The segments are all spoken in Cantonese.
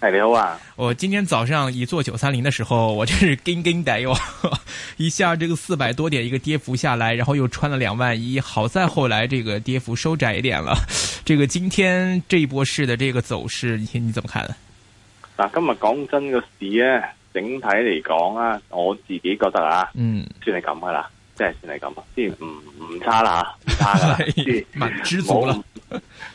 係你好啊！我今天早上一坐九三零的時候，我真是驚驚哋喲！一下這個四百多點一個跌幅下來，然後又穿了兩萬一。好在後來這個跌幅收窄一點了。這個今天這一波市的這個走勢，你怎麼看？嗱、啊，今日講真個事咧，整體嚟講啊，我自己覺得啊，嗯，算係咁噶啦，即係算係咁，即係唔唔差啦，唔差啦，蠻 的知足啦。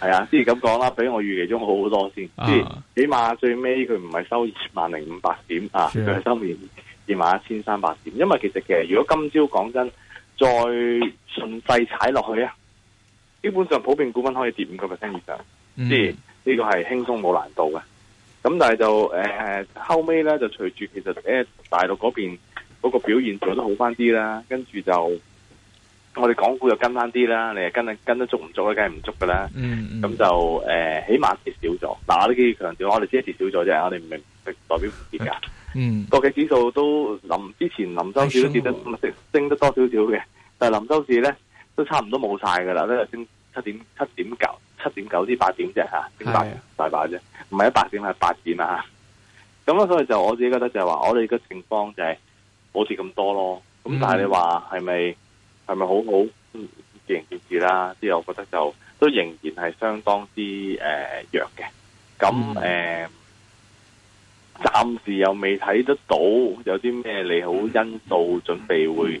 係啊，即係咁講啦，比我預期中好好多先，即係起碼最尾佢唔係收二萬零五百點啊，佢係收二萬一千三百點，因為其實其實如果今朝講真，再順勢踩落去啊，基本上普遍股份可以跌五個 percent 以上，即係呢個係輕鬆冇難度嘅。咁但係就誒、呃、後尾咧就隨住其實誒大陸嗰邊嗰個表現做得好翻啲啦，跟住就。我哋港股又跟翻啲啦，你又跟跟得足唔足咧？梗係唔足噶啦。咁、嗯嗯、就誒、呃，起碼跌少咗。嗱，我都都要強調，我哋只跌少咗啫，我哋唔明代表唔跌噶、啊。嗯，國企指數都之前林收市都跌得升、嗯、升得多少少嘅，但係林收市咧都差唔多冇晒噶啦，都係升七點七點九七點九至八點啫吓，嗯、升八的大把啫，唔係一百點係八點啊咁啊，所以就我自己覺得就係話，我哋個情況就係冇跌咁多咯。咁但係你話係咪？嗯是係咪好好見仁見智啦？之後我覺得就都仍然係相當之誒、呃、弱嘅。咁誒，暫、呃、時又未睇得到有啲咩利好因素準備會誒、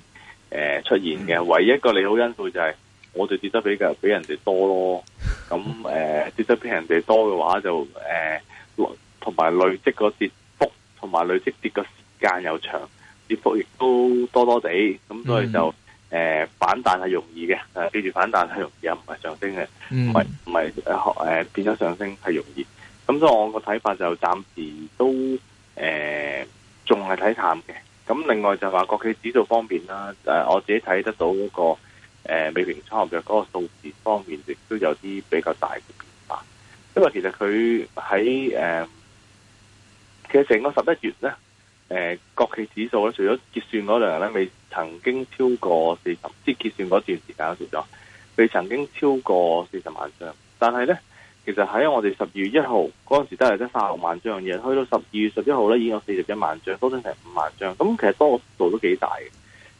呃、出現嘅。唯一,一個利好因素就係我哋跌得比較比人哋多咯。咁誒、呃，跌得比人哋多嘅話就誒，同、呃、埋累積個跌幅，同埋累積跌個時間又長，跌幅亦都多多地。咁所以就。誒，反彈係容易嘅，記住反彈係容易啊，唔係上升嘅，唔係唔係誒變咗上升係容易。咁所以我個睇法就暫時都誒仲係睇淡嘅。咁另外就話國企指數方面啦，誒、呃、我自己睇得到一、那個誒未、呃、平倉合約嘅嗰個數字方面，亦都有啲比較大嘅變化。因為其實佢喺誒其實成個十一月咧。誒、呃，國企指數咧，除咗結算嗰兩日咧，未曾經超過四十，即係結算嗰段時間都跌咗，未曾經超過四十萬張。但係咧，其實喺我哋十二月一號嗰陣時都係得三十六萬張嘅。去到十二月十一號咧，已經有四十一萬張，多咗成五萬張。咁其實多個幅度都幾大嘅。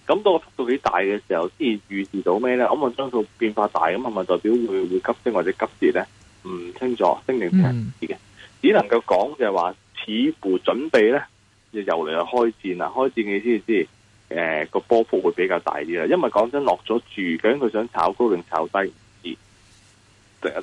咁多個幅度幾大嘅時候，先至預示到咩咧？咁、那個張數變化大，咁係咪代表會會急升或者急跌咧？唔清楚，升定跌唔知嘅，嗯、只能夠講就係話，似乎準備咧。又嚟又開戰啦！開戰嘅意思係誒個波幅會比較大啲啦。因為講真，落咗住，究竟佢想炒高定炒低唔知，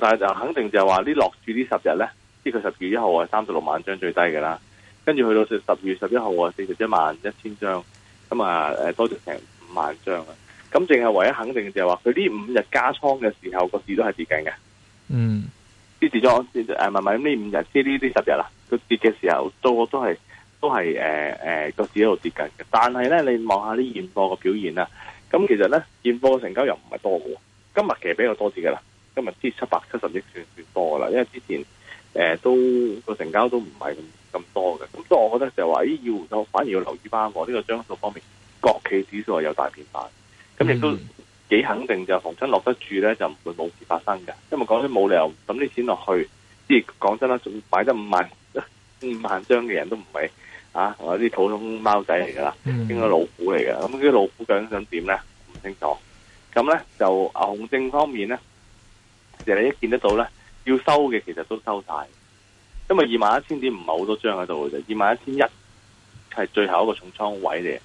但係就肯定就係話呢落住呢十日咧，知佢十月一號係三十六萬張最低嘅啦。跟住去到十月十一號啊，四十一萬一千張，咁啊誒多咗成五萬張啊。咁淨係唯一肯定就係話，佢呢五日加倉嘅時候，個市都係跌緊嘅。嗯，啲、啊啊啊啊、跌咗誒唔係呢五日即呢啲十日啦，佢跌嘅時候我都都係。都係誒誒個市喺度跌緊嘅，但係咧你望下啲現貨嘅表現啦，咁其實咧現貨嘅成交又唔係多嘅，今日其實比較多啲噶啦，今日知七百七十億算算多噶啦，因為之前誒、呃、都個成交都唔係咁咁多嘅，咁所以我覺得就話誒要反而要留意翻我呢個指數方面國企指數係有大變化，咁亦都幾肯定就逢親落得住咧，就唔會冇事發生嘅，因為講真冇理由抌啲錢落去，即係講真啦，買得五萬五萬張嘅人都唔係。啊，或者啲土種貓仔嚟噶啦，應該、mm hmm. 老虎嚟噶，咁啲老虎究竟想想點咧？唔清楚。咁咧就牛證方面咧，其實你一見得到咧，要收嘅其實都收晒，因為二萬一千點唔係好多張喺度嘅啫，二萬一千一係最後一個重倉位嚟嘅，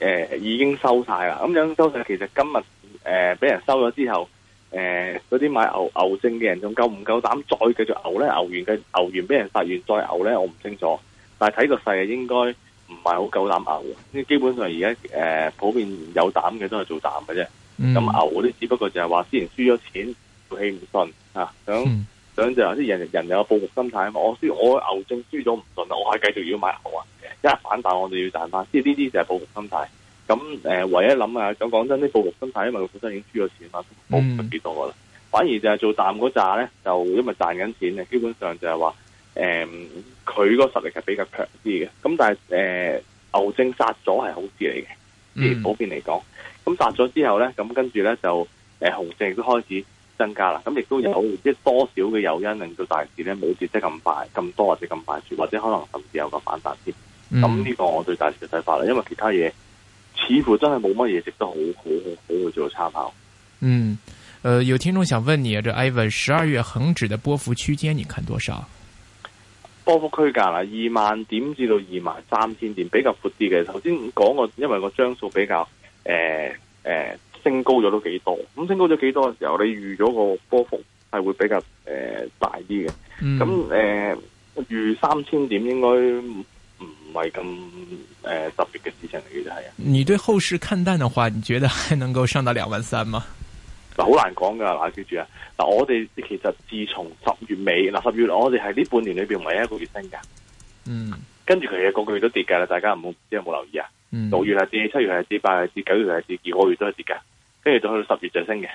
誒、呃、已經收晒啦。咁樣收晒，其實今日誒俾人收咗之後，誒嗰啲買牛牛證嘅人仲夠唔夠膽再繼續牛咧？牛，牛完嘅牛完俾人殺完再牛咧？我唔清楚。但係睇個勢應該唔係好夠膽牛，基本上而家誒普遍有膽嘅都係做淡嘅啫。咁、嗯、牛嗰啲，只不過就係話，雖然輸咗錢，條氣唔順。啊，想、嗯、想就話啲人人有報復心態啊嘛。我輸，我牛證輸咗唔順啊，我係繼續要買牛啊，一一反彈我哋要賺翻，即係呢啲就係報復心態。咁、啊、唯一諗啊，想講真啲報復心態，因為本身已經輸咗錢啊嘛，冇幾多噶啦。嗯、反而就係做淡嗰紮咧，就因為賺緊錢基本上就係話。誒，佢個、嗯、實力係比較強啲嘅，咁但係誒、呃、牛證殺咗係好事嚟嘅，嗯、普遍嚟講，咁殺咗之後咧，咁跟住咧就誒熊證亦都開始增加啦，咁亦都有即係多少嘅誘因令到大市咧冇跌得咁快、咁多或者咁快住，或者可能甚至有個反彈添。咁呢、嗯、個我對大市嘅睇法啦，因為其他嘢似乎真係冇乜嘢值得好好好好去做參考。嗯，誒、呃，有聽眾想問你，這 Ivan 十二月恒指嘅波幅區間，你看多少？波幅區間啦，二萬點至到二萬三千點，比較闊啲嘅。頭先講過，因為個張數比較誒誒、呃呃、升高咗都幾多，咁、嗯、升高咗幾多嘅時候，你預咗個波幅係會比較誒、呃、大啲嘅。咁誒、嗯呃、預三千點應該唔係咁誒特別嘅事情嚟嘅，就係啊。你對後市看淡嘅話，你覺得還能夠上到兩萬三嗎？好難講噶嗱，記住啊！嗱，我哋其實自從十月尾嗱，十月我哋係呢半年裏邊唯一一個月升嘅，嗯，跟住佢嘅個個月都跌噶啦，大家唔好即係冇留意啊？六月係跌，七月係跌，八月係跌，九月係跌，幾個月都係跌噶，跟住到去到十月就升嘅，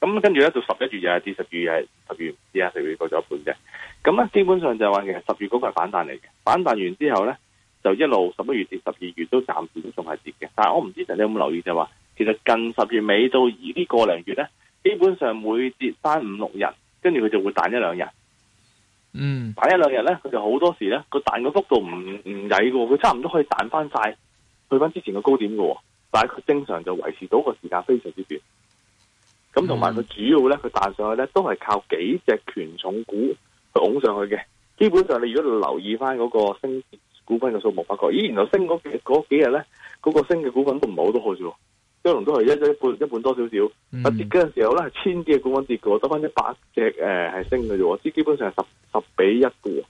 咁跟住咧到十一月又係跌，十二月係十二月唔知啊，十二月過咗一半嘅，咁咧基本上就話其實十月嗰個係反彈嚟嘅，反彈完之後咧就一路十一月至十二月都暫時都仲係跌嘅，但係我唔知陳仔有冇留意就話。其實近十月尾到而呢個零月咧，基本上每跌翻五六日，跟住佢就會彈一兩日。嗯，彈一兩日咧，佢就好多時咧，個彈嘅幅度唔唔曳嘅，佢差唔多可以彈翻晒去翻之前嘅高點嘅。但係佢正常就維持到個時間非常之短。咁同埋佢主要咧，佢彈上去咧都係靠幾隻權重股去拱上去嘅。基本上你如果你留意翻嗰個升股份嘅數目，發覺咦，然後升嗰幾日咧，嗰、嗰個升嘅股份都唔係好多去嘅。雙龍都係一一半一半多少少，啊跌嗰陣時候咧係千幾嘅股份跌嘅，得翻一百隻誒係升嘅啫，即係基本上係十十比一嘅。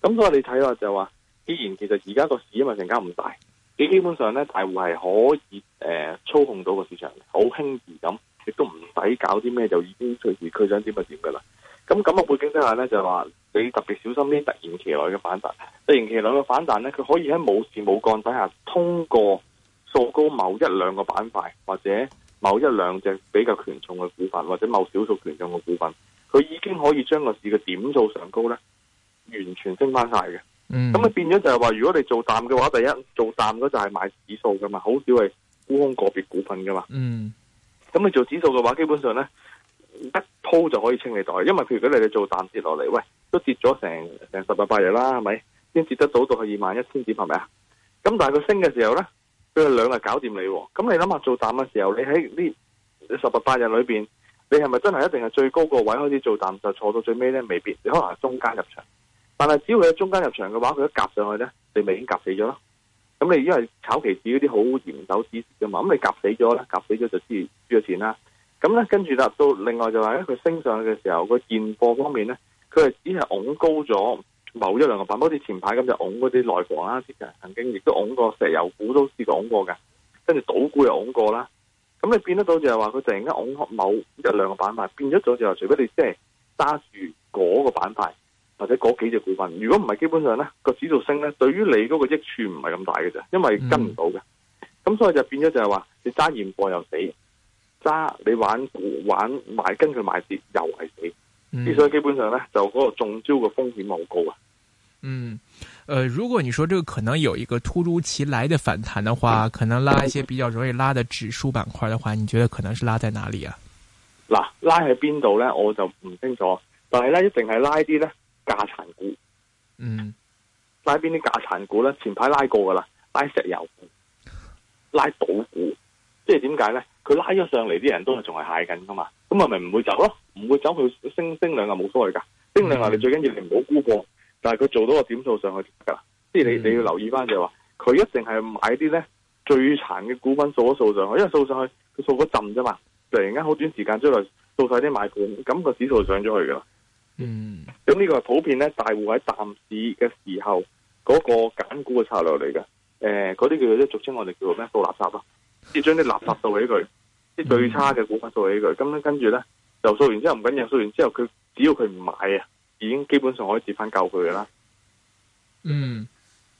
咁所以你睇下就話，既然其實而家個市因為成交唔大，你基本上咧大戶係可以誒操控到個市場，好輕易咁，亦都唔使搞啲咩，就已經隨時佢想點就點噶啦。咁咁嘅背景之下咧，就話你特別小心啲突然其來嘅反彈，突然其來嘅反彈咧，佢可以喺冇事冇幹底下通過。數高某一兩個板塊，或者某一兩隻比較權重嘅股份，或者某少數權重嘅股份，佢已經可以將個市嘅點數上高咧，完全升翻晒嘅。咁啊、嗯、變咗就係話，如果你做淡嘅話，第一做淡嗰就係買指數噶嘛，好少係沽空個別股份噶嘛。嗯，咁你做指數嘅話，基本上咧一鋪就可以清理袋，因為譬如如果你做淡跌落嚟，喂都跌咗成十日八日啦，係咪？先跌得到到去二萬一千點，係咪啊？咁但係佢升嘅時候咧？佢兩日搞掂你，咁你諗下做淡嘅時候，你喺呢十日八日裏邊，你係咪真係一定係最高個位開始做淡，就坐到最尾咧？未必，你可能係中間入場，但係只要佢喺中間入場嘅話，佢一夾上去咧，你咪已經夾死咗咯。咁你因為炒期指嗰啲好嚴守止蝕嘅嘛，咁你夾死咗啦，夾死咗就輸輸咗錢啦。咁咧跟住啦，到另外就話咧，佢升上去嘅時候，個現貨方面咧，佢係只係拱高咗。某一兩個板塊，好似前排咁就拱嗰啲內房啦，之前曾經亦都拱過石油股試過過，都試拱過嘅，跟住賭股又拱過啦。咁你變得到就係話佢突然間拱某一兩個板塊，變咗咗就係除非你即係揸住嗰個板塊或者嗰幾隻股份，如果唔係，基本上咧個指數升咧，對於你嗰個益處唔係咁大嘅啫，因為跟唔到嘅。咁、嗯、所以就變咗就係話，你揸現貨又死，揸你玩股玩買跟佢買跌又係死。所以基本上咧，就嗰個中招嘅風險好高啊！嗯，誒、呃，如果你說這個可能有一個突如其來的反彈的話，嗯、可能拉一些比較容易拉的指數板塊的話，你覺得可能是拉在哪裏啊？嗱，拉喺邊度咧，我就唔清楚，但係咧一定係拉啲咧價殘股。嗯，拉邊啲價殘股咧？前排拉過噶啦，拉石油股，拉倒股。即係點解咧？佢拉咗上嚟，啲人都係仲係蟹緊噶嘛。咁咪咪唔會走咯、啊，唔會走佢升升兩日冇所謂噶。升兩日、mm hmm. 你最緊要你唔好沽貨，但係佢做到個指數上去得噶啦。即係你、mm hmm. 你要留意翻就係話，佢一定係買啲咧最殘嘅股份掃一掃上去，因為掃上去佢掃個陣啫嘛。突然間好短時間之內掃晒啲買盤，咁、那個指數上咗去噶。嗯、mm，咁、hmm. 呢個普遍咧大戶喺淡市嘅時候嗰、那個揀股嘅策略嚟嘅。誒、呃，嗰啲叫,叫做咧俗稱我哋叫做咩掃垃圾啦，即係將啲垃圾掃起佢。最差嘅股票做起佢咁咧，跟住咧，就做完之後唔緊要，做完之後佢只要佢唔買啊，已經基本上可以接翻救佢噶啦。嗯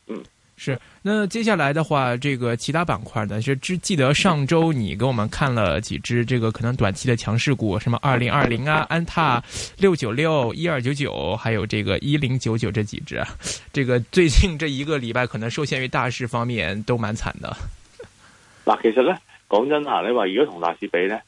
嗯，嗯是。那接下來的話，這個其他板塊呢？就記記得上周你給我們看了幾支這個可能短期的強勢股，什麼二零二零啊、安踏六九六、一二九九，還有這個一零九九這幾支啊。這個最近這一個禮拜可能受限於大市方面都蠻慘的。嗱，其實咧。講真啊，你話如果同大市比咧，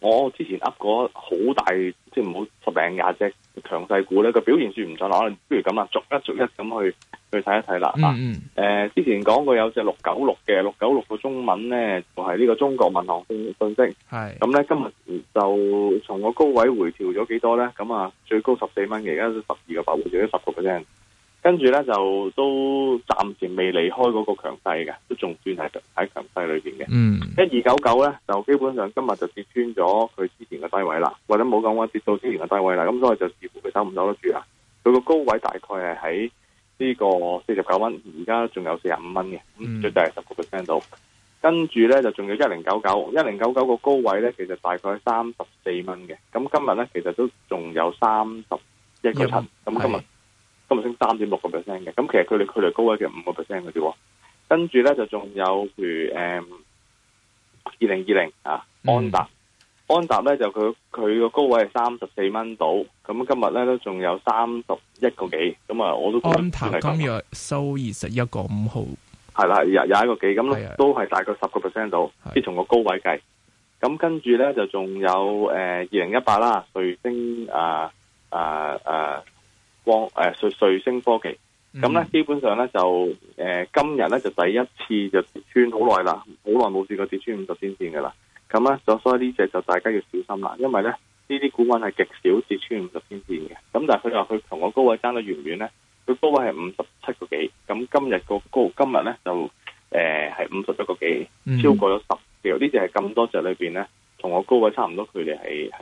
我之前呃 p 過好大，即係唔好十零廿隻強勢股咧，個表現算唔錯啦。不如咁啊，逐一逐一咁去去睇一睇啦。誒、嗯嗯啊，之前講過有隻六九六嘅，六九六個中文咧就係，是，呢個中國民航信信息。係咁咧，呢嗯、今日就從個高位回調咗幾多咧？咁啊，最高十四蚊，而家十二個八，回調咗十六個啫。跟住咧就都暫時未離開嗰個強勢嘅，都仲算係喺強勢裏邊嘅。嗯，一二九九咧就基本上今日就跌穿咗佢之前嘅低位啦，或者冇咁話跌到之前嘅低位啦。咁所以就似乎佢收唔收得住啊？佢個高位大概係喺呢個四十九蚊，而家仲有四十五蚊嘅，絕對係十個 percent 到。跟住咧就仲有一零九九，一零九九個高位咧其實大概三十四蚊嘅，咁今日咧其實都仲有三十一個七，咁今日。今日升三點六個 percent 嘅，咁其實佢哋佢離高位嘅五個 percent 嗰啲，跟住咧就仲有譬如誒二零二零啊安踏，安踏咧就佢佢個高位係三十四蚊到，咁今日咧都仲有三十一個幾，咁啊我都覺得安踏今日收二十一個五毫，係啦係有一個幾，咁都係大概十個 percent 到，即係從個高位計，咁跟住咧就仲有誒二零一八啦，瑞星啊啊啊。誒瑞瑞星科技咁咧，嗯嗯、基本上咧就誒、呃、今日咧就第一次就跌穿好耐啦，好耐冇試過跌穿五十天線噶啦。咁咧，所所以呢隻就大家要小心啦，因為咧呢啲股份係極少跌穿五十天線嘅。咁但係佢話佢同我高位爭得遠遠咧，佢高位係五十七個幾，咁今日個高今日咧就誒係五十一個幾，超過咗十條。呢隻係咁多隻裏邊咧，同我高位差唔多距離係，佢哋係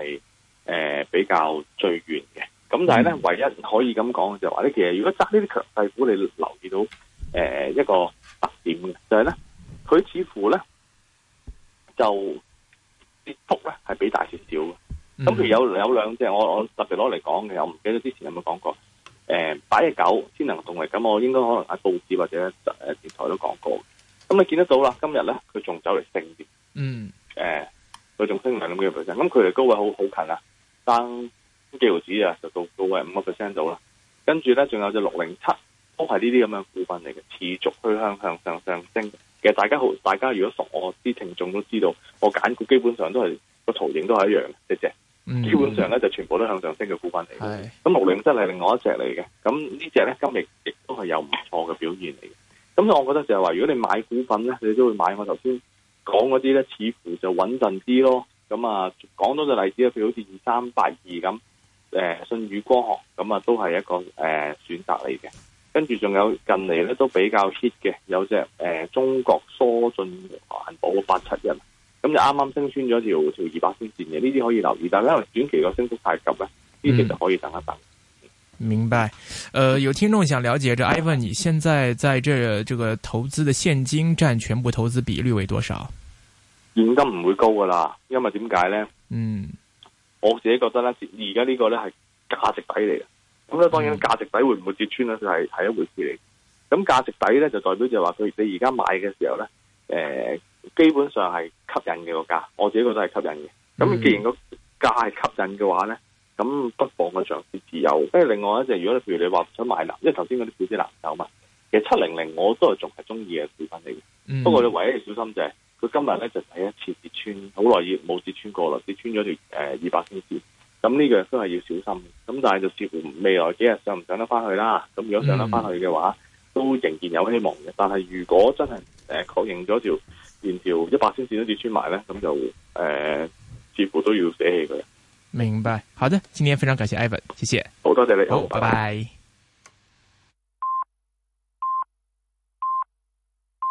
係誒比較最遠嘅。咁但係咧，嗯、唯一可以咁講嘅就係話咧，其實如果揸呢啲強勢股，你留意到誒、呃、一個特點嘅，就係、是、咧，佢似乎咧就跌幅咧係比大少少嘅。咁譬、嗯、如有有兩隻，我我特別攞嚟講嘅，我唔記得之前有冇講過。誒、呃，百日狗天能動力咁，我應該可能喺報紙或者誒電台都講過。咁你見得到啦，今日咧佢仲走嚟升嘅。嗯。誒、嗯，佢仲升兩咁嘅，percent 咁佢離高位好好近啊，幾毫子啊，就到到位五個 percent 到啦，跟住咧仲有隻六零七，都係呢啲咁樣股份嚟嘅，持續去向向上上升。其實大家好，大家如果熟我啲聽眾都知道，我揀股基本上都係個圖形都係一樣嘅啫，基本上咧就全部都向上升嘅股份嚟嘅。mm。咁六零七係另外一隻嚟嘅，咁呢隻咧今日亦都係有唔錯嘅表現嚟嘅。咁我覺得就係話，如果你買股份咧，你都會買我頭先講嗰啲咧，似乎就穩陣啲咯。咁啊，講多隻例子啊，譬如好似二三八二咁。誒，信宇科學咁啊，都係一個誒、呃、選擇嚟嘅。跟住仲有近嚟咧都比較 hit 嘅，有隻誒、呃、中國疏浚環保八七一，咁就啱啱升穿咗條條二百先線嘅。呢啲可以留意，但係因為短期個升幅太急咧，呢啲就可以等一等。嗯、明白。誒、呃，有聽眾想了解，這 Ivan，嗯、你現在在這個、這個投資的現金占全部投資比率為多少？現金唔會高㗎喇，因為點解咧？嗯。我自己覺得咧，而家呢個咧係價值底嚟嘅，咁咧當然價值底會唔會跌穿咧，係係一回事嚟。咁價值底咧就代表就係話佢你而家買嘅時候咧，誒、呃，基本上係吸引嘅個價，我自己覺得係吸引嘅。咁、mm hmm。既然個價係吸引嘅話咧，咁不妨去漲跌自由。即係另外一隻，如果你譬如你話想買藍，因為頭先嗰啲股啲藍籌嘛，其實七零零我都係仲係中意嘅股份嚟嘅，不過你唯一要小心就係，是。佢今日咧就第一次跌穿，好耐冇跌穿過啦，跌穿咗條誒二百天線，咁呢個都係要小心。咁但係就視乎未來幾日上唔上得翻去啦。咁如果上得翻去嘅話，嗯、都仍然有希望嘅。但係如果真係誒確認咗條連條一百天線都跌穿埋咧，咁就誒、呃、似乎都要捨棄嘅。明白，好的，今天非常感謝 Ivan，謝謝，好多謝你，好，好拜拜。拜拜